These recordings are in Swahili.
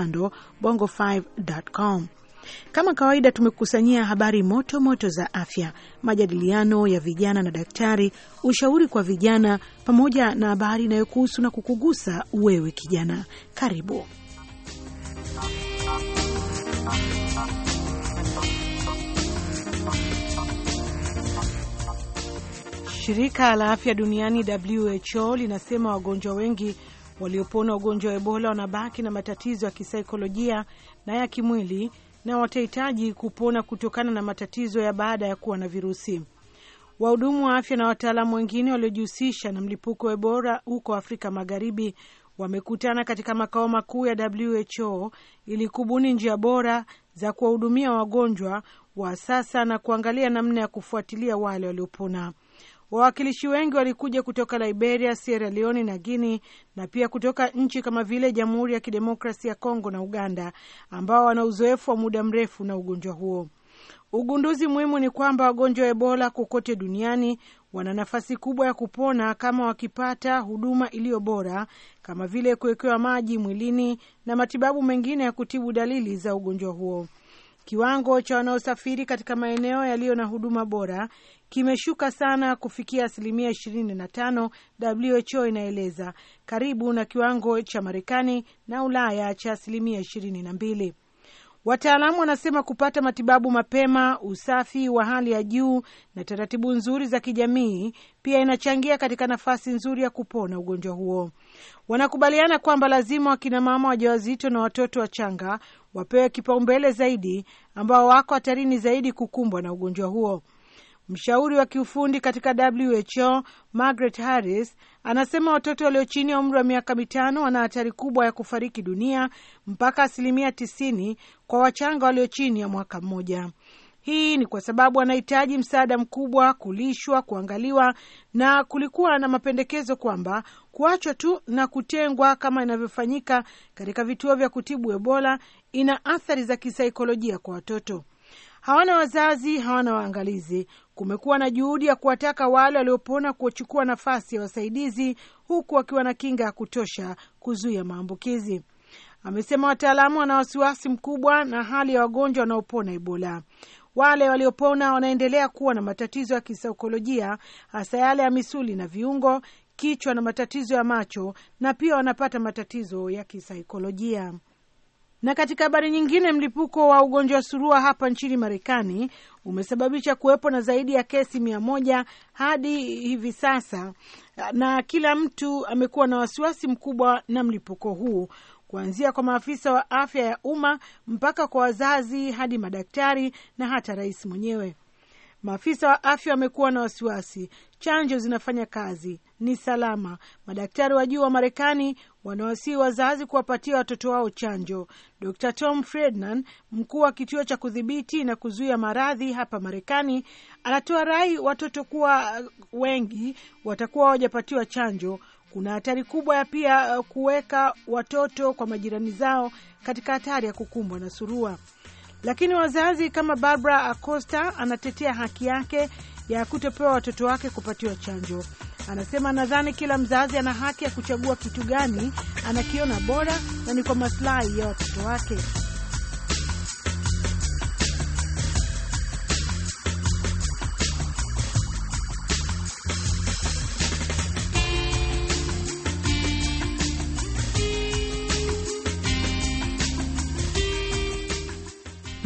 kando bongo5.com. Kama kawaida tumekusanyia habari moto moto za afya, majadiliano ya vijana na daktari, ushauri kwa vijana, pamoja na habari inayokuhusu na kukugusa wewe kijana. Karibu. Shirika la afya duniani WHO linasema wagonjwa wengi Waliopona ugonjwa wa Ebola wanabaki na matatizo ya kisaikolojia na ya kimwili na watahitaji kupona kutokana na matatizo ya baada ya kuwa na virusi. Wahudumu wa afya na wataalamu wengine waliojihusisha na mlipuko wa Ebola huko Afrika Magharibi wamekutana katika makao makuu ya WHO ili kubuni njia bora za kuwahudumia wagonjwa wa sasa na kuangalia namna ya kufuatilia wale waliopona. Wawakilishi wengi walikuja kutoka Liberia, Sierra Leone na guini na pia kutoka nchi kama vile Jamhuri ya Kidemokrasi ya Kongo na Uganda, ambao wana uzoefu wa muda mrefu na ugonjwa huo. Ugunduzi muhimu ni kwamba wagonjwa wa Ebola kokote duniani wana nafasi kubwa ya kupona kama wakipata huduma iliyo bora, kama vile kuwekewa maji mwilini na matibabu mengine ya kutibu dalili za ugonjwa huo. Kiwango cha wanaosafiri katika maeneo yaliyo na huduma bora kimeshuka sana kufikia asilimia 25, WHO inaeleza, karibu na kiwango cha Marekani na Ulaya cha asilimia 22. Wataalamu wanasema kupata matibabu mapema, usafi wa hali ya juu na taratibu nzuri za kijamii pia inachangia katika nafasi nzuri ya kupona ugonjwa huo. Wanakubaliana kwamba lazima wakinamama waja wajawazito na watoto wachanga wapewe kipaumbele zaidi, ambao wako hatarini zaidi kukumbwa na ugonjwa huo. Mshauri wa kiufundi katika WHO Margaret Harris anasema watoto walio chini ya umri wa miaka mitano wana hatari kubwa ya kufariki dunia mpaka asilimia 90 kwa wachanga walio chini ya mwaka mmoja. Hii ni kwa sababu anahitaji msaada mkubwa, kulishwa, kuangaliwa, na kulikuwa na mapendekezo kwamba kuachwa tu na kutengwa kama inavyofanyika katika vituo vya kutibu Ebola ina athari za kisaikolojia kwa watoto. Hawana wazazi, hawana waangalizi. Kumekuwa na juhudi ya kuwataka wale waliopona kuchukua nafasi ya wasaidizi, huku wakiwa na kinga ya kutosha kuzuia maambukizi. Amesema wataalamu wana wasiwasi mkubwa na hali ya wagonjwa wanaopona Ebola. Wale waliopona wanaendelea kuwa na matatizo ya kisaikolojia, hasa yale ya misuli na viungo, kichwa na matatizo ya macho, na pia wanapata matatizo ya kisaikolojia. Na katika habari nyingine, mlipuko wa ugonjwa wa surua hapa nchini Marekani umesababisha kuwepo na zaidi ya kesi mia moja hadi hivi sasa, na kila mtu amekuwa na wasiwasi mkubwa na mlipuko huu kuanzia kwa maafisa wa afya ya umma mpaka kwa wazazi hadi madaktari na hata rais mwenyewe. Maafisa wa afya wamekuwa na wasiwasi, chanjo zinafanya kazi, ni salama. Madaktari wa juu wa Marekani wanawasii wazazi kuwapatia watoto wao chanjo. Dr Tom Friedman, mkuu wa kituo cha kudhibiti na kuzuia maradhi hapa Marekani, anatoa rai watoto kuwa uh, wengi watakuwa hawajapatiwa chanjo kuna hatari kubwa ya pia uh, kuweka watoto kwa majirani zao katika hatari ya kukumbwa na surua. Lakini wazazi kama Barbara Acosta anatetea haki yake ya kutopewa watoto wake kupatiwa chanjo. Anasema nadhani kila mzazi ana haki ya kuchagua kitu gani anakiona bora na ni kwa masilahi ya watoto wake.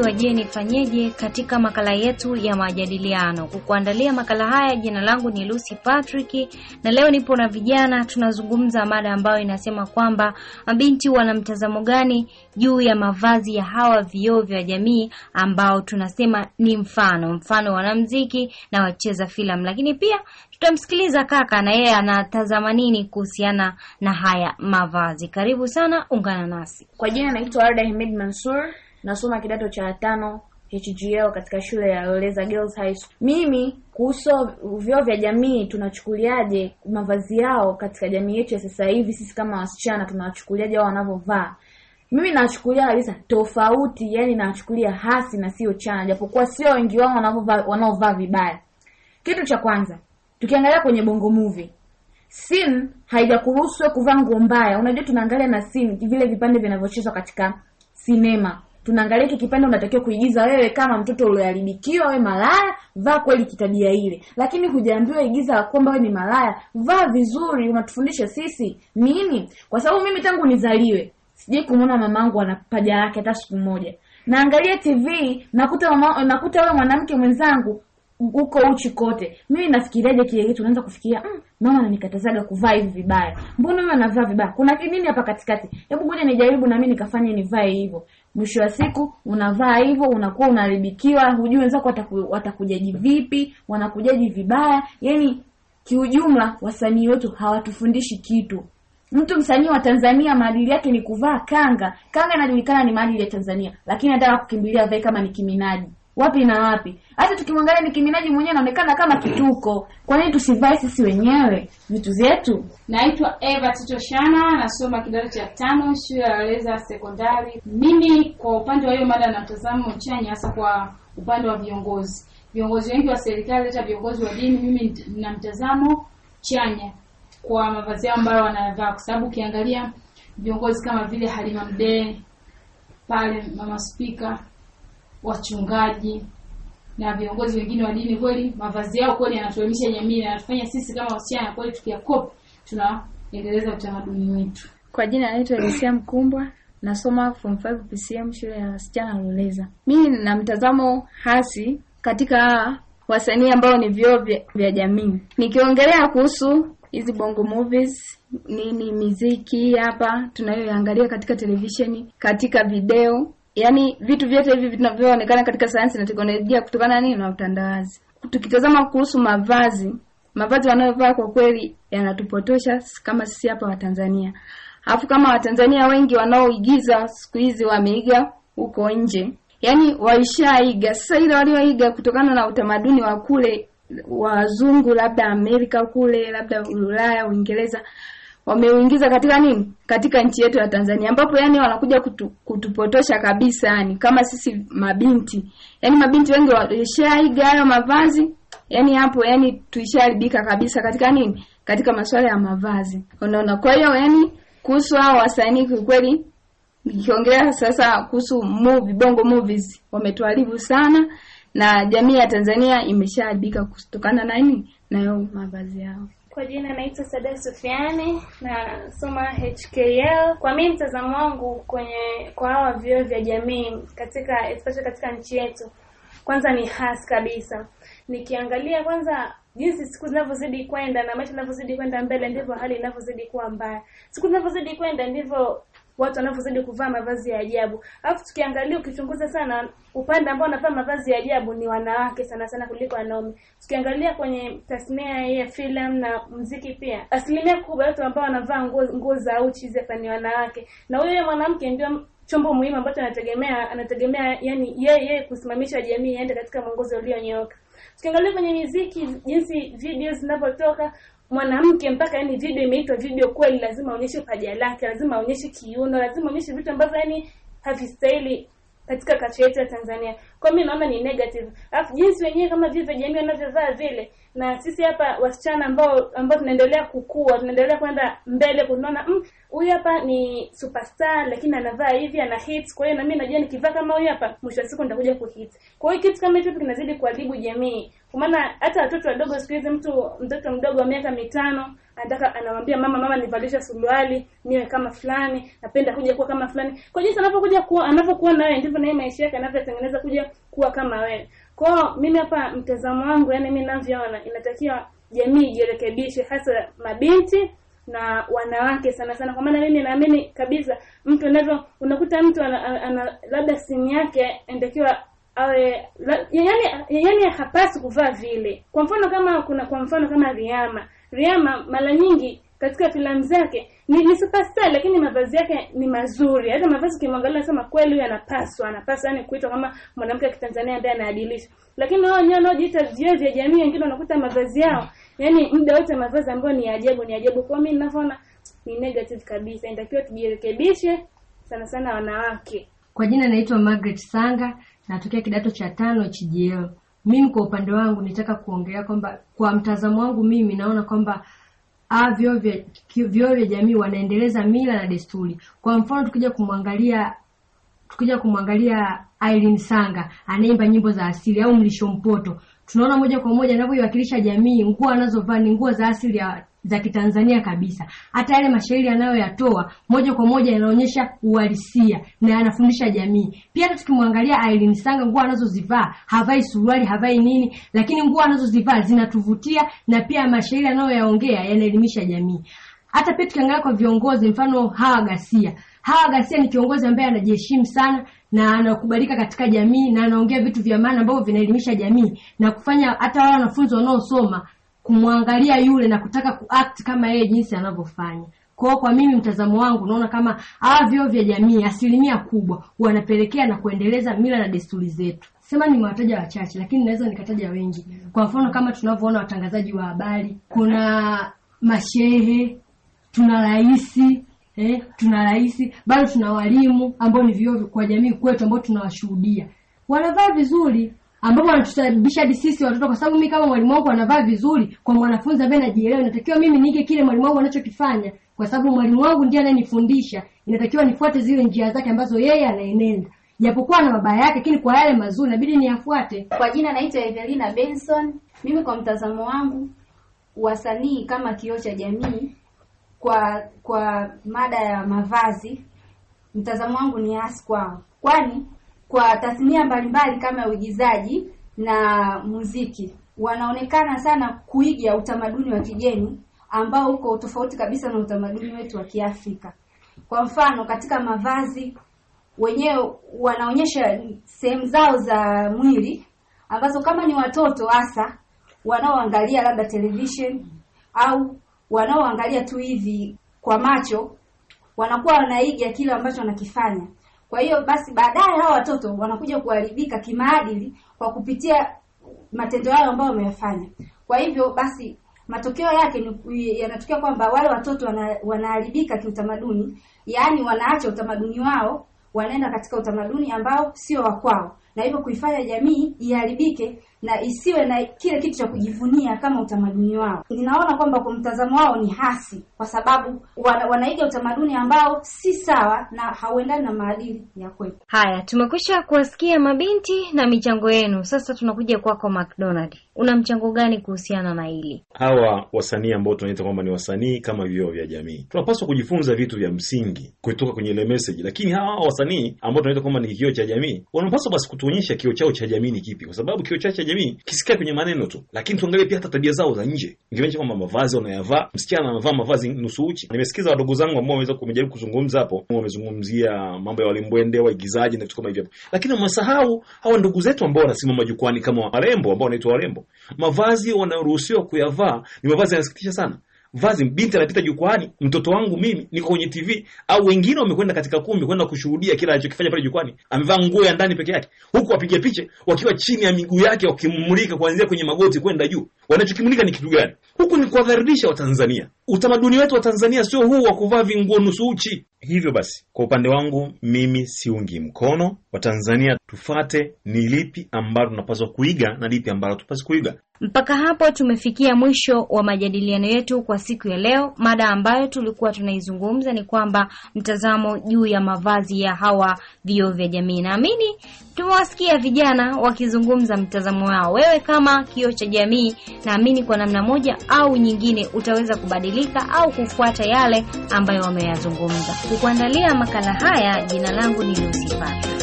wa Je Nifanyeje katika makala yetu ya majadiliano. Kukuandalia makala haya, jina langu ni Lucy Patrick na leo nipo na vijana, tunazungumza mada ambayo inasema kwamba mabinti wana mtazamo gani juu ya mavazi ya hawa vioo vya jamii ambao tunasema ni mfano mfano wanamuziki na wacheza filamu, lakini pia tutamsikiliza kaka na yeye anatazama nini kuhusiana na haya mavazi. Karibu sana, ungana nasi. Kwa jina naitwa Arda Ahmed Mansur nasoma kidato cha tano HGL katika shule ya Leza Girls High School. Mimi kuhusu vyo vya jamii tunachukuliaje mavazi yao katika jamii yetu ya sasa hivi, sisi kama wasichana tunawachukuliaje wao wanavyovaa? Mimi nachukulia kabisa tofauti, yani nachukulia hasi na sio chana, japokuwa sio wengi wao wanavyovaa wanaovaa vibaya. Kitu cha kwanza, tukiangalia kwenye Bongo Movie sin haijakuruhusu kuvaa nguo mbaya. Unajua tunaangalia na sin vile vipande vinavyochezwa katika sinema tunaangalia hiki kipande unatakiwa kuigiza wewe kama mtoto ulioharibikiwa, we malaya, vaa kweli kitabia ile, lakini hujaambiwa igiza kwamba we ni malaya, vaa vizuri. Unatufundisha sisi nini? Kwa sababu mimi tangu nizaliwe sijai kumwona mamangu ana paja lake hata siku moja. Naangalia TV nakuta mama, nakuta wewe mwanamke mwenzangu uko uchi kote. Mimi nafikiriaje kile kitu? Naanza kufikiria mm, mama ananikatazaga kuvaa hivi vibaya, mbona huyo anavaa vibaya? Kuna nini hapa katikati? Hebu ngoja nijaribu na mimi nikafanye nivae hivyo mwisho wa siku unavaa hivyo unakuwa unaharibikiwa hujui wenzako wataku, watakujaji vipi wanakujaji vibaya yani kiujumla wasanii wetu hawatufundishi kitu mtu msanii wa tanzania maadili yake ni kuvaa kanga kanga inajulikana ni maadili ya tanzania lakini anataka kukimbilia vae kama ni kiminaji wapi na wapi. Hata tukimwangalia Nicki Minaj mwenyewe anaonekana kama kituko. Kwa nini tusivae sisi wenyewe vitu vyetu? Naitwa Eva Tito Shana, nasoma kidato cha tano shule ya Leza Sekondari. Mimi kwa upande wa hiyo mada na mtazamo chanya, hasa kwa upande wa viongozi, viongozi wengi wa serikali, hata viongozi wa dini, mimi na mtazamo chanya kwa mavazi yao ambayo wanavaa, kwa sababu ukiangalia viongozi kama vile Halima Mdee pale, mama spika wachungaji na viongozi wengine wa dini, kweli mavazi yao kweli yanatuelimisha jamii yanatufanya sisi kama wasichana kweli tukiakop tunaendeleza utamaduni wetu. Kwa jina naitwa Elisia Mkumbwa, nasoma form 5 PCM shule ya wasichana loleza Mimi na mtazamo hasi katika wasanii ambao ni vyoo vya, vya jamii. Nikiongelea kuhusu hizi bongo movies nini miziki hapa tunayoiangalia katika televisheni, katika video yani vitu vyote hivi vinavyoonekana katika sayansi na teknolojia kutokana nini na utandawazi. Tukitazama kuhusu mavazi, mavazi wanayovaa kwa kweli yanatupotosha kama sisi hapa Watanzania. Alafu kama Watanzania wengi wanaoigiza siku hizi wameiga huko nje, yaani waishaiga. Sasa ile walioiga kutokana na utamaduni wa kule wazungu, labda Amerika kule, labda Ulaya, Uingereza wameuingiza katika nini, katika nchi yetu ya Tanzania, ambapo yani wanakuja kutu, kutupotosha kabisa, yani kama sisi mabinti, yani mabinti wengi walishaiga hayo mavazi, yani hapo yani tuishaharibika kabisa katika nini, katika masuala ya mavazi, unaona. Kwa hiyo yani kuhusu hao wasanii kiukweli, nikiongelea sasa kuhusu movie, bongo movies wametuharibu sana, na jamii ya Tanzania imeshaharibika kutokana na nini, nayo mavazi yao. Kwa jina naitwa Sada Sufiani soma HKL. Kwa mimi mtazamo wangu kwenye kwa hawa vyuo vya jamii katika especially katika nchi yetu, kwanza ni hasi kabisa. Nikiangalia kwanza jinsi siku zinavyozidi kwenda na maisha yanavyozidi kwenda mbele, ndivyo hali inavyozidi kuwa mbaya. Siku zinavyozidi kwenda ndivyo watu wanavyozidi kuvaa mavazi ya ajabu. Alafu tukiangalia ukichunguza sana upande ambao wanavaa mavazi ya ajabu ni wanawake sana sana kuliko wanaume. Tukiangalia kwenye tasnia ya filamu na mziki pia, asilimia kubwa watu ambao wanavaa nguo nguo za uchi hapa ni wanawake. Na huyo mwanamke ndio chombo muhimu ambacho anategemea anategemea yani yeye yeye kusimamisha jamii iende katika mwongozo ulionyooka. Tukiangalia kwenye miziki, jinsi video zinavyotoka, mwanamke mpaka yani video imeitwa video kweli, lazima aonyeshe paja lake, lazima aonyeshe kiuno, lazima aonyeshe vitu ambavyo yani havistahili katika kacha yetu ya Tanzania kwa mimi naona ni negative alafu jinsi wenyewe kama vile jamii wanavyovaa vile na sisi hapa wasichana ambao ambao tunaendelea kukua tunaendelea kwenda mbele kunaona mm, huyu mm, hapa ni superstar lakini anavaa hivi ana hits kwa hiyo na mimi najua nikivaa kama huyu hapa mwisho wa siku nitakuja ku kuhit kwa hiyo kitu kama hicho kinazidi kuadhibu jamii kwa maana hata watoto wadogo siku hizi mtu mtoto mdogo wa miaka mitano anataka anamwambia mama mama nivalisha suruali niwe kama fulani napenda kuja kuwa kama fulani kwa jinsi anapokuja kuwa anapokuwa nawe ndivyo naye maisha yake anavyotengeneza kuja kuwa kama wewe. Kwao mimi hapa mtazamo wangu, yani mimi ninavyoona, inatakiwa jamii ijirekebishe, hasa mabinti na wanawake sana sana, kwa maana mimi naamini kabisa mtu anavyo, unakuta mtu ana, ana, ana labda simu yake inatakiwa awe la, yani, yani hapasi kuvaa vile. Kwa mfano kama kuna kwa mfano kama Riama Riama mara nyingi katika filamu zake ni, ni superstar lakini mavazi yake ni mazuri. Hata mavazi ukimwangalia unasema kweli huyu anapaswa, anapaswa yani kuitwa kama mwanamke wa Kitanzania ambaye anaadilisha. Lakini wao wenyewe wanaojiita vizazi ya jamii wengine wanakuta mavazi yao yani muda wote mavazi ambayo ni ajabu ni ajabu. Kwa mimi ninavyoona ni negative kabisa. Inatakiwa tujirekebishe sana sana wanawake. Kwa jina naitwa Margaret Sanga, natokea kidato cha tano CGL. Mimi kwa upande wangu nitaka kuongelea kwamba kwa mtazamo wangu mimi naona kwamba Ah, a vyoo vya jamii wanaendeleza mila na desturi. Kwa mfano tukija kumwangalia tukija kumwangalia Irene Sanga anaimba nyimbo za asili au Mlisho Mpoto tunaona moja kwa moja anavyoiwakilisha jamii. Nguo anazovaa ni nguo za asili ya za Kitanzania kabisa. Hata yale mashairi anayoyatoa moja kwa moja yanaonyesha uhalisia na yanafundisha jamii. Pia hata tukimwangalia Aileen Sanga, nguo anazozivaa havai suruali, havai nini, lakini nguo anazozivaa zinatuvutia na pia mashairi anayoyaongea yanaelimisha jamii. Hata pia tukiangalia kwa viongozi, mfano Hawa Ghasia. Hawa Ghasia ni kiongozi ambaye anajiheshimu sana na anakubalika katika jamii na anaongea vitu vya maana ambavyo vinaelimisha jamii na kufanya hata wale wanafunzi wanaosoma kumwangalia yule na kutaka kuact kama yeye jinsi anavyofanya. Kwa kwa mimi mtazamo wangu naona kama hawa vyuo vya jamii asilimia kubwa wanapelekea na kuendeleza mila na desturi zetu. Sema nimewataja wachache, lakini naweza nikataja wengi. Kwa mfano kama tunavyoona watangazaji wa habari, kuna mashehe, tuna rais, eh, tuna rais bado tuna walimu ambao ni vioo kwa jamii kwetu, ambao tunawashuhudia wanavaa vizuri, ambapo wanatusababisha hadi sisi watoto, kwa sababu mimi kama mwalimu wangu anavaa vizuri, kwa mwanafunzi ambaye najielewa, inatakiwa mimi nige kile mwalimu wangu anachokifanya, kwa sababu mwalimu wangu ndiye anayenifundisha. Inatakiwa nifuate zile njia zake ambazo yeye anaenenda, japokuwa na mabaya yake, lakini kwa yale mazuri inabidi niyafuate. Kwa jina naitwa Evelina Benson. Mimi kwa mtazamo wangu, wasanii kama kioo cha jamii kwa kwa mada ya mavazi, mtazamo wangu ni as kwao, kwani kwa tasnia mbalimbali kama uigizaji na muziki wanaonekana sana kuiga utamaduni wa kigeni ambao uko tofauti kabisa na utamaduni wetu wa Kiafrika. Kwa mfano, katika mavazi wenyewe wanaonyesha sehemu zao za mwili ambazo kama ni watoto hasa wanaoangalia labda television au wanaoangalia tu hivi kwa macho wanakuwa wanaiga kile ambacho wanakifanya. Kwa hiyo basi, baadaye hao watoto wanakuja kuharibika kimaadili kwa kupitia matendo yao ambayo wameyafanya. Kwa hivyo basi, matokeo yake ni yanatokea kwamba wale watoto wana, wanaharibika kiutamaduni, yaani wanaacha utamaduni wao wanaenda katika utamaduni ambao sio wa kwao, na hivyo kuifanya jamii iharibike na isiwe na kile kitu cha kujivunia kama utamaduni wao. Ninaona kwamba kwa mtazamo wao ni hasi, kwa sababu wana, wanaiga utamaduni ambao si sawa na hauendani na maadili ya kwetu. Haya, tumekwisha kuwasikia mabinti na michango yenu. Sasa tunakuja kwako McDonald, una mchango gani kuhusiana na hili? Hawa wasanii ambao tunaita kwamba ni wasanii kama vioo vya jamii, tunapaswa kujifunza vitu vya msingi kutoka kwenye ile message, lakini hawa wasanii ambao tunaita kwamba ni kioo cha jamii, wanapaswa basi kutuonyesha kioo chao cha jamii ni kipi, kwa sababu kioo chao cha jamii kisikae kwenye maneno tu, lakini tuangalie pia hata tabia zao za nje, ingeonyesha kwamba mavazi wanayavaa, msichana anavaa mavazi nusu uchi. Nimesikiza wadogo zangu ambao wameweza kumejaribu kuzungumza hapo, wamezungumzia mambo ya walimbwende, waigizaji na vitu kama hivyo, lakini wamesahau hawa ndugu zetu ambao wanasimama jukwani kama warembo ambao wanaitwa warembo. Mavazi wanaruhusiwa kuyavaa ni mavazi yanasikitisha sana vazi, binti anapita jukwani mtoto wangu mimi niko kwenye TV, au wengine wamekwenda katika kumbi kwenda kushuhudia kila alichokifanya pale jukwani. Amevaa nguo ya ndani peke yake, huku wapiga picha wakiwa chini ya miguu yake, wakimulika kuanzia kwenye magoti kwenda juu. Wanachokimulika ni kitu gani? Huku ni kuwadhalilisha Watanzania. Utamaduni wetu wa Tanzania sio huu wa kuvaa vinguo nusu uchi. Hivyo basi, kwa upande wangu mimi siungi mkono Watanzania tufate ni lipi ambalo tunapaswa kuiga na lipi ambalo tupasi kuiga. Mpaka hapo tumefikia mwisho wa majadiliano yetu kwa siku ya leo. Mada ambayo tulikuwa tunaizungumza ni kwamba mtazamo juu ya mavazi ya hawa vio vya jamii. Naamini tumewasikia vijana wakizungumza mtazamo wao. Wewe kama kio cha jamii, naamini kwa namna moja au nyingine utaweza kubadili kubadilika au kufuata yale ambayo wameyazungumza. Kukuandalia makala haya, jina langu ni Lucy Patrick.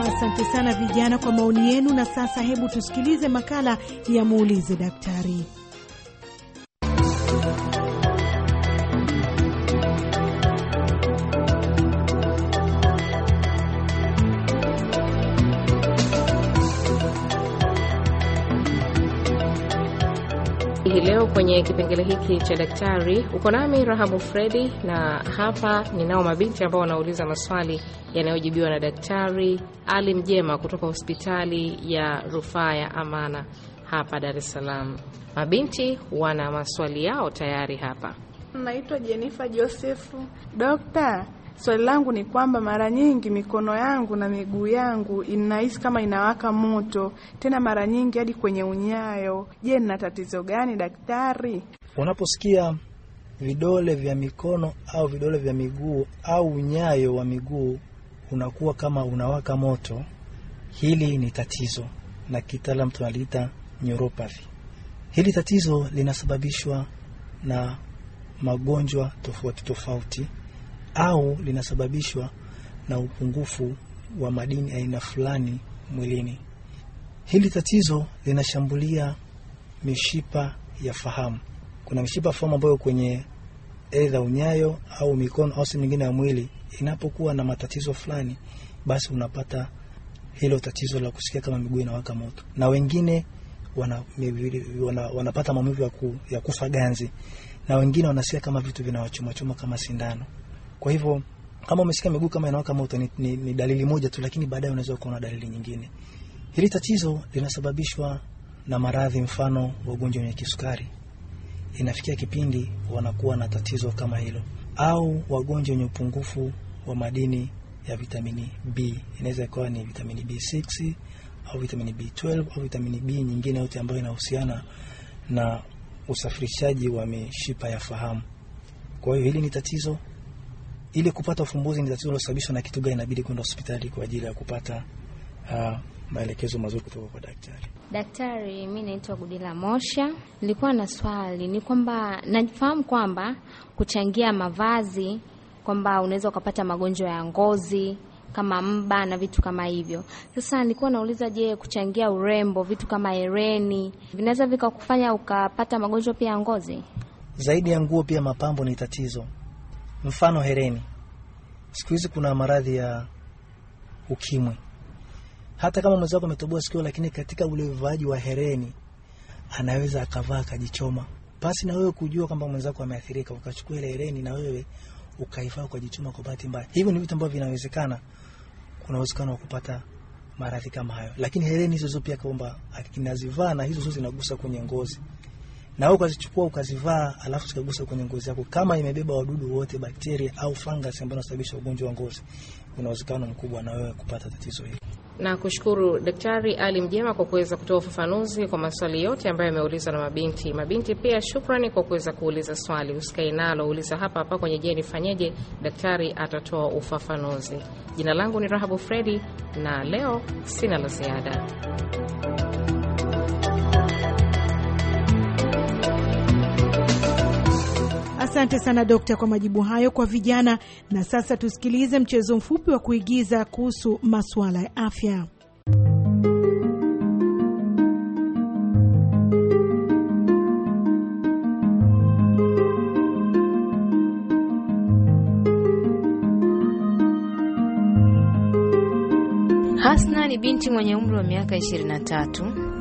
Asante sana vijana kwa maoni yenu, na sasa hebu tusikilize makala ya muulize daktari. leo kwenye kipengele hiki cha daktari, uko nami Rahabu Fredi, na hapa ninao mabinti ambao wanauliza maswali yanayojibiwa na Daktari Ali Mjema kutoka hospitali ya rufaa ya Amana hapa Dar es Salaam. Mabinti wana maswali yao tayari hapa. Naitwa Jenifa Josefu. Dokta, Swali langu ni kwamba mara nyingi mikono yangu na miguu yangu inahisi kama inawaka moto, tena mara nyingi hadi kwenye unyayo. Je, nina tatizo gani daktari? Unaposikia vidole vya mikono au vidole vya miguu au unyayo wa miguu unakuwa kama unawaka moto, hili ni tatizo, na kitaalam tunaliita neuropathy. Hili tatizo linasababishwa na magonjwa tofauti tofauti au linasababishwa na upungufu wa madini aina fulani mwilini. Hili tatizo linashambulia mishipa ya fahamu. Kuna mishipa ya fahamu ambayo kwenye aidha unyayo au mikono au sehemu nyingine ya mwili inapokuwa na matatizo fulani, basi unapata hilo tatizo la kusikia kama miguu inawaka moto, na wengine wana, mibili, wana, wanapata maumivu ya, ku, ya kufa ganzi, na wengine wanasikia kama vitu vinawachumachuma kama sindano. Kwa hivyo kama umesikia miguu kama inawaka moto ni, ni, ni dalili moja tu, lakini baadaye unaweza ukaona dalili nyingine. Hili tatizo linasababishwa na maradhi, mfano wagonjwa wenye kisukari inafikia kipindi wanakuwa na tatizo kama hilo, au wagonjwa wenye upungufu wa madini ya vitamini B, inaweza ikawa ni vitamini B6 au vitamini B12 au vitamini B nyingine yote ambayo inahusiana na usafirishaji wa mishipa ya fahamu. Kwa hiyo hili ni tatizo ili kupata ufumbuzi ni tatizo lilosababishwa na kitu gani, inabidi kwenda hospitali kwa ajili ya kupata uh, maelekezo mazuri kutoka kwa daktari. Daktari, mi naitwa Gudila Mosha. Nilikuwa na swali, ni kwamba nafahamu kwamba kuchangia mavazi kwamba unaweza ukapata magonjwa ya ngozi kama mba na vitu kama hivyo. Sasa nilikuwa nauliza, je, kuchangia urembo, vitu kama hereni vinaweza vikakufanya ukapata magonjwa pia ya ngozi? Zaidi ya nguo, pia mapambo ni tatizo mfano hereni. Siku hizi kuna maradhi ya ukimwi. Hata kama wako ametoboa sikio, lakini katika ule uvaaji wa hereni anaweza akavaa akajichoma, basi na wewe kujua kwamba mwenzako ameathirika, ukachukua ile hereni na wewe ukaivaa ukajichoma kwa bahati mbaya. Hivyo ni vitu ambavyo vinawezekana, kuna uwezekano wa kupata maradhi kama hayo, lakini hereni hizo hizo pia kwamba akinazivaa na hizo hizo zinagusa kwenye ngozi na wewe ukazichukua ukazivaa, alafu zikagusa kwenye ngozi yako, kama imebeba wadudu wote, bakteria au fungus ambao unasababisha ugonjwa wa ngozi, kuna uwezekano mkubwa na wewe kupata tatizo hili. Na kushukuru Daktari Ali Mjema kwa kuweza kutoa ufafanuzi kwa maswali yote ambayo yameulizwa na mabinti. Mabinti pia shukrani kwa kuweza kuuliza swali, usikae nalo, uliza hapa hapa kwenye Je Nifanyeje, daktari atatoa ufafanuzi. Jina langu ni Rahabu Fredi na leo sina la ziada. Asante sana dokta kwa majibu hayo kwa vijana. Na sasa tusikilize mchezo mfupi wa kuigiza kuhusu masuala ya afya. Hasna ni binti mwenye umri wa miaka 23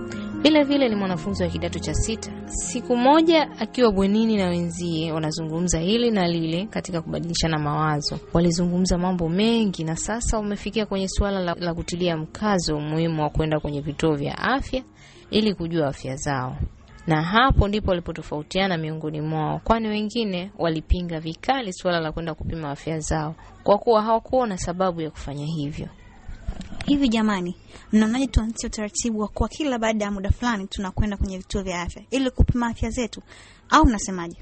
vile vile ni mwanafunzi wa kidato cha sita. Siku moja akiwa bwenini na wenzie wanazungumza hili na lile katika kubadilishana mawazo, walizungumza mambo mengi, na sasa wamefikia kwenye suala la, la kutilia mkazo umuhimu wa kwenda kwenye vituo vya afya ili kujua afya zao na hapo ndipo walipotofautiana miongoni mwao, kwani wengine walipinga vikali suala la kwenda kupima afya zao kwa kuwa hawakuona sababu ya kufanya hivyo. Hivi jamani, mnaonaje tuanzie utaratibu wa kwa kila baada ya muda fulani tunakwenda kwenye vituo vya afya ili kupima afya zetu, au mnasemaje?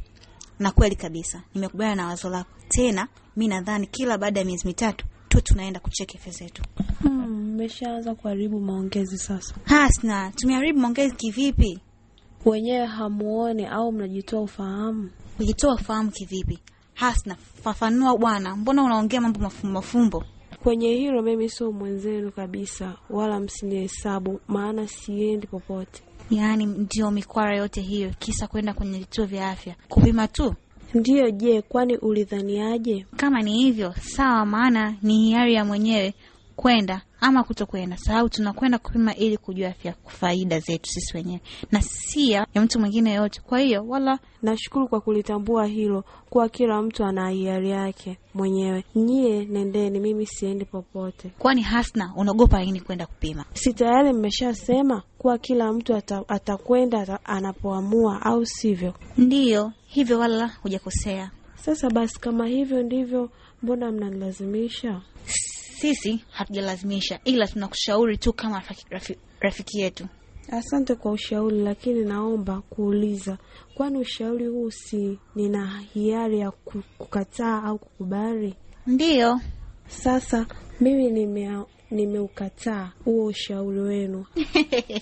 Na kweli kabisa, nimekubaliana na wazo lako. Tena mi nadhani kila baada ya miezi mitatu tu tunaenda kucheki afya zetu. Mmeshaanza hmm, kuharibu maongezi sasa. Hasna, tumeharibu maongezi kivipi? Wenyewe hamuone au mnajitoa ufahamu? Kujitoa ufahamu kivipi? Hasna, fafanua bwana, mbona unaongea mambo mafumbo mafumbo? Kwenye hilo mimi sio mwenzenu kabisa, wala msinihesabu, maana siendi popote. Yaani ndiyo mikwara yote hiyo, kisa kwenda kwenye vituo vya afya kupima tu? Ndiyo. Je, kwani ulidhaniaje? Kama ni hivyo sawa, maana ni hiari ya mwenyewe kwenda ama kutokwenda, sababu tunakwenda kupima ili kujua afya faida zetu sisi wenyewe na si ya mtu mwingine yoyote. Kwa hiyo wala, nashukuru kwa kulitambua hilo kuwa kila mtu ana hiari yake mwenyewe. Nyie nendeni, mimi siendi popote. Kwani Hasna, unaogopa nini kwenda kupima? Si tayari mmeshasema kuwa kila mtu atakwenda ata anapoamua, au sivyo? Ndiyo hivyo, wala hujakosea. Sasa basi, kama hivyo ndivyo, mbona mnanilazimisha? Sisi hatujalazimisha, ila tunakushauri tu kama rafiki, rafiki yetu. Asante kwa ushauri, lakini naomba kuuliza, kwani ushauri huu si nina hiari ya kukataa au kukubali? Ndiyo. Sasa mimi nime nimeukataa huo ushauri wenu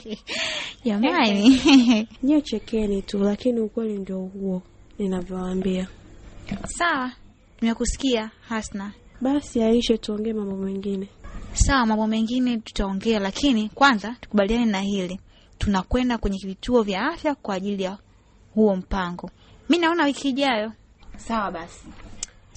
jamani. Nyiwe chekeni tu, lakini ukweli ndio huo ninavyowaambia. Sawa, nimekusikia Hasna. Basi aishe, tuongee mambo mengine. Sawa, mambo mengine tutaongea, lakini kwanza tukubaliane na hili, tunakwenda kwenye vituo vya afya kwa ajili ya huo mpango. Mi naona wiki ijayo. Sawa basi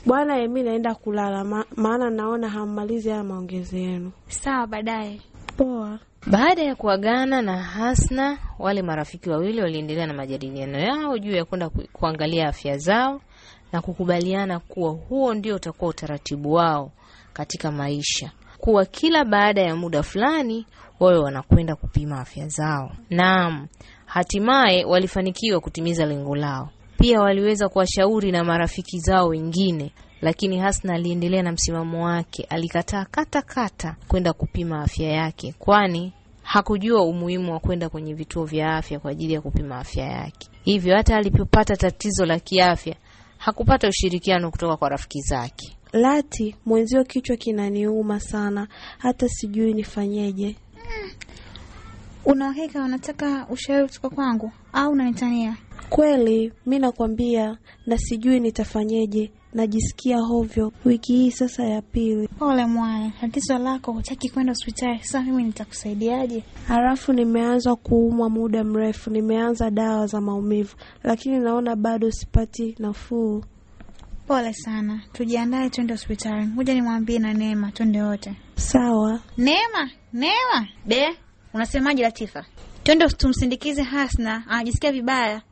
bwana Emi, naenda kulala ma, maana naona hammalizi haya maongezi yenu. Sawa, baadaye. Poa. Baada ya kuagana na Hasna, wale marafiki wawili waliendelea na majadiliano yao juu ya kwenda kuangalia afya zao na kukubaliana kuwa huo ndio utakuwa utaratibu wao katika maisha, kuwa kila baada ya muda fulani wawe wanakwenda kupima afya zao. Naam, hatimaye walifanikiwa kutimiza lengo lao. Pia waliweza kuwashauri na marafiki zao wengine, lakini Hasna aliendelea na msimamo wake. Alikataa kata kata kwenda kupima afya yake, kwani hakujua umuhimu wa kwenda kwenye vituo vya afya kwa ajili ya kupima afya yake. Hivyo hata alipopata tatizo la kiafya hakupata ushirikiano kutoka kwa rafiki zake. Lati mwenzio, kichwa kinaniuma sana, hata sijui nifanyeje. Mm. Una uhakika unataka ushauri kutoka kwangu au unanitania? Kweli mi nakwambia, na sijui nitafanyeje najisikia hovyo wiki hii sasa ya pili. Pole mwana, tatizo lako hutaki kwenda hospitali. Sasa mimi nitakusaidiaje? Halafu nimeanza kuumwa muda mrefu, nimeanza dawa za maumivu, lakini naona bado sipati nafuu. Pole sana, tujiandae twende hospitali. Ngoja nimwambie na Neema twende wote. Sawa. Neema, Neema be, unasemaje Latifa? Twende tumsindikize Hasna, anajisikia vibaya.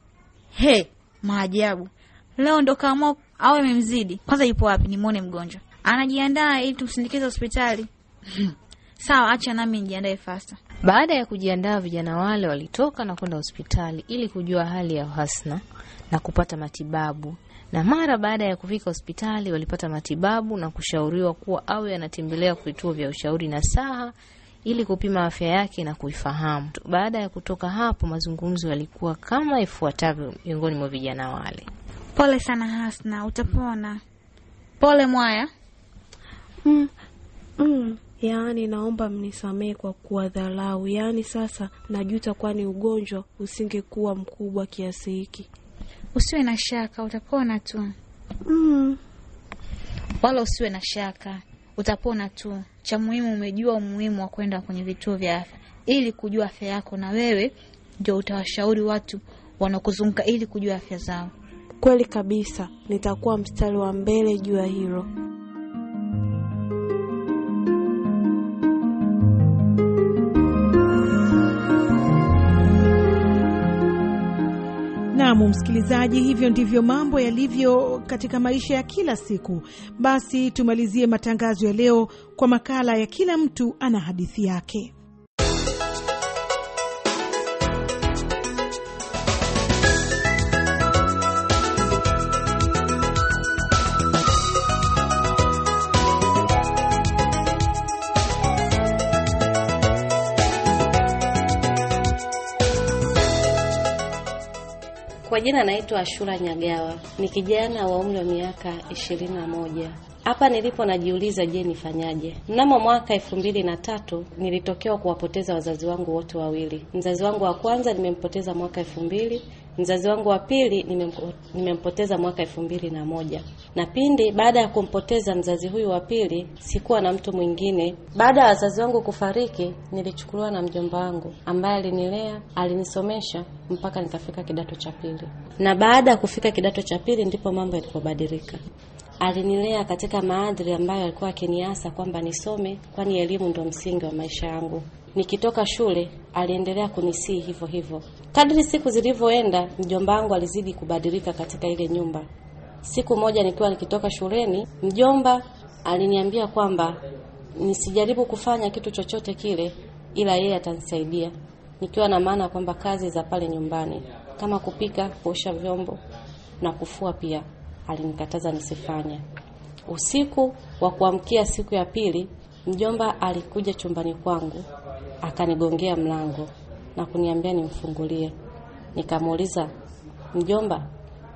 He, maajabu! Leo ndo kaamua au imemzidi, kwanza yupo wapi, nimwone mgonjwa, anajiandaa ili tumsindikize hospitali. Sawa, acha nami nijiandae fasta. Baada ya kujiandaa, vijana wale walitoka na kwenda hospitali ili kujua hali ya Hasna na kupata matibabu. Na mara baada ya kufika hospitali, walipata matibabu na kushauriwa kuwa awe anatembelea vituo vya ushauri na saha ili kupima afya yake na kuifahamu. Baada ya kutoka hapo, mazungumzo yalikuwa kama ifuatavyo miongoni mwa vijana wale. Pole sana Hasna, utapona. Pole Mwaya. Mm. Mm. Yaani, naomba mnisamehe kwa kuwadharau. Yaani sasa najuta, kwani ugonjwa usingekuwa mkubwa kiasi hiki. Usiwe na shaka, utapona tu. Mm. Wala usiwe na shaka, utapona tu. Cha muhimu, umejua umuhimu wa kwenda kwenye vituo vya afya ili kujua afya yako, na wewe ndio utawashauri watu wanaokuzunguka ili kujua afya zao. Kweli kabisa, nitakuwa mstari wa mbele juu ya hilo. Naam, msikilizaji, hivyo ndivyo mambo yalivyo katika maisha ya kila siku. Basi tumalizie matangazo ya leo kwa makala ya kila mtu ana hadithi yake. Kwa jina naitwa Ashura Nyagawa, ni kijana wa umri wa miaka 21. Hapa nilipo najiuliza, je, nifanyaje? Mnamo mwaka elfu mbili na tatu nilitokewa kuwapoteza wazazi wangu wote wawili. Mzazi wangu wa kwanza nimempoteza mwaka elfu mbili Mzazi wangu wa pili nimempoteza mwaka elfu mbili na moja na pindi baada ya kumpoteza mzazi huyu wa pili sikuwa na mtu mwingine. Baada ya wazazi wangu kufariki, nilichukuliwa na mjomba wangu ambaye alinilea, alinisomesha mpaka nikafika kidato cha pili, na baada ya kufika kidato cha pili ndipo mambo yalipobadilika. Alinilea katika maadili ambayo alikuwa akiniasa kwamba nisome, kwani elimu ndo msingi wa maisha yangu. Nikitoka shule aliendelea kunisii hivyo hivyo. Kadri siku zilivyoenda, mjomba wangu alizidi kubadilika katika ile nyumba. Siku moja nikiwa nikitoka shuleni, mjomba aliniambia kwamba nisijaribu kufanya kitu chochote kile, ila yeye atanisaidia, nikiwa na maana kwamba kazi za pale nyumbani kama kupika, kuosha vyombo na kufua pia alinikataza nisifanye. Usiku wa kuamkia siku ya pili, mjomba alikuja chumbani kwangu akanigongea mlango na kuniambia nimfungulie. Nikamuuliza, mjomba,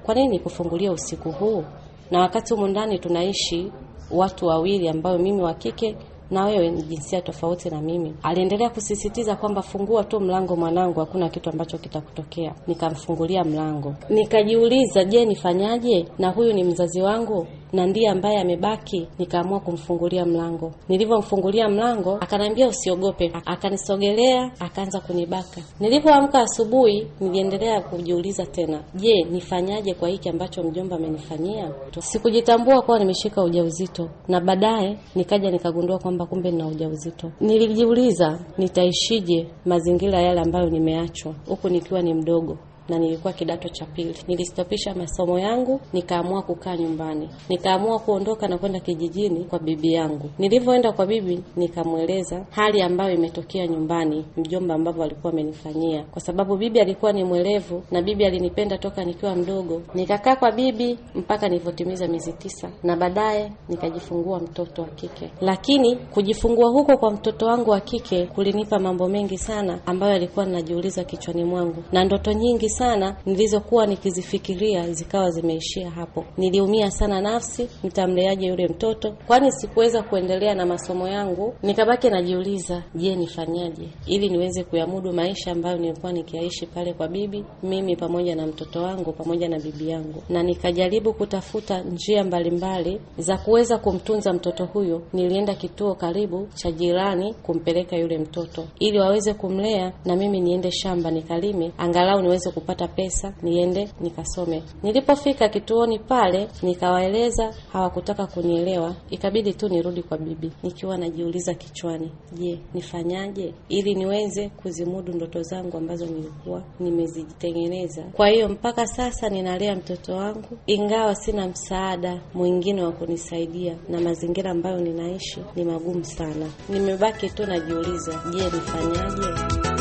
kwa nini nikufungulie usiku huu na wakati humu ndani tunaishi watu wawili, ambayo mimi wa kike na wewe ni jinsia tofauti na mimi. Aliendelea kusisitiza kwamba fungua tu mlango mwanangu, hakuna kitu ambacho kitakutokea. Nikamfungulia mlango, nikajiuliza, je, nifanyaje? Na huyu ni mzazi wangu, na ndiye ambaye amebaki, nikaamua kumfungulia mlango. Nilivyomfungulia mlango, akaniambia usiogope, akanisogelea, akaanza kunibaka. nilivyoamka asubuhi, niliendelea kujiuliza tena, je, nifanyaje kwa hiki ambacho mjomba amenifanyia? Sikujitambua kuwa nimeshika ujauzito, na baadaye nikaja nikagundua kwamba kumbe nina ujauzito. Nilijiuliza nitaishije mazingira yale ambayo nimeachwa huku nikiwa ni mdogo na nilikuwa kidato cha pili. Nilistopisha masomo yangu, nikaamua kukaa nyumbani, nikaamua kuondoka na kwenda kijijini kwa bibi yangu. Nilivyoenda kwa bibi, nikamweleza hali ambayo imetokea nyumbani, mjomba ambavyo alikuwa amenifanyia, kwa sababu bibi alikuwa ni mwelevu na bibi alinipenda toka nikiwa mdogo. Nikakaa kwa bibi mpaka nilivyotimiza miezi tisa, na baadaye nikajifungua mtoto wa kike. Lakini kujifungua huko kwa mtoto wangu wa kike kulinipa mambo mengi sana ambayo alikuwa ninajiuliza kichwani mwangu na ndoto nyingi sana nilizokuwa nikizifikiria zikawa zimeishia hapo. Niliumia sana nafsi, nitamleaje yule mtoto? Kwani sikuweza kuendelea na masomo yangu, nikabaki najiuliza, je, nifanyaje ili niweze kuyamudu maisha ambayo nilikuwa nikiaishi pale kwa bibi, mimi pamoja na mtoto wangu pamoja na bibi yangu, na nikajaribu kutafuta njia mbalimbali za kuweza kumtunza mtoto huyo. Nilienda kituo karibu cha jirani kumpeleka yule mtoto ili waweze kumlea na mimi niende shamba nikalime, angalau niweze kupata pesa niende nikasome. Nilipofika kituoni pale nikawaeleza, hawakutaka kunielewa, ikabidi tu nirudi kwa bibi nikiwa najiuliza kichwani, je, nifanyaje ili niweze kuzimudu ndoto zangu ambazo nilikuwa nimezitengeneza. Kwa hiyo mpaka sasa ninalea mtoto wangu, ingawa sina msaada mwingine wa kunisaidia, na mazingira ambayo ninaishi ni magumu sana. Nimebaki tu najiuliza, je, nifanyaje?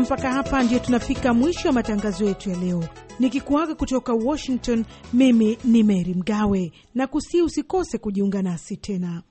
mpaka hapa ndio tunafika mwisho wa matangazo yetu ya leo, nikikuaga kutoka Washington. Mimi ni Meri Mgawe na kusii, usikose kujiunga nasi tena.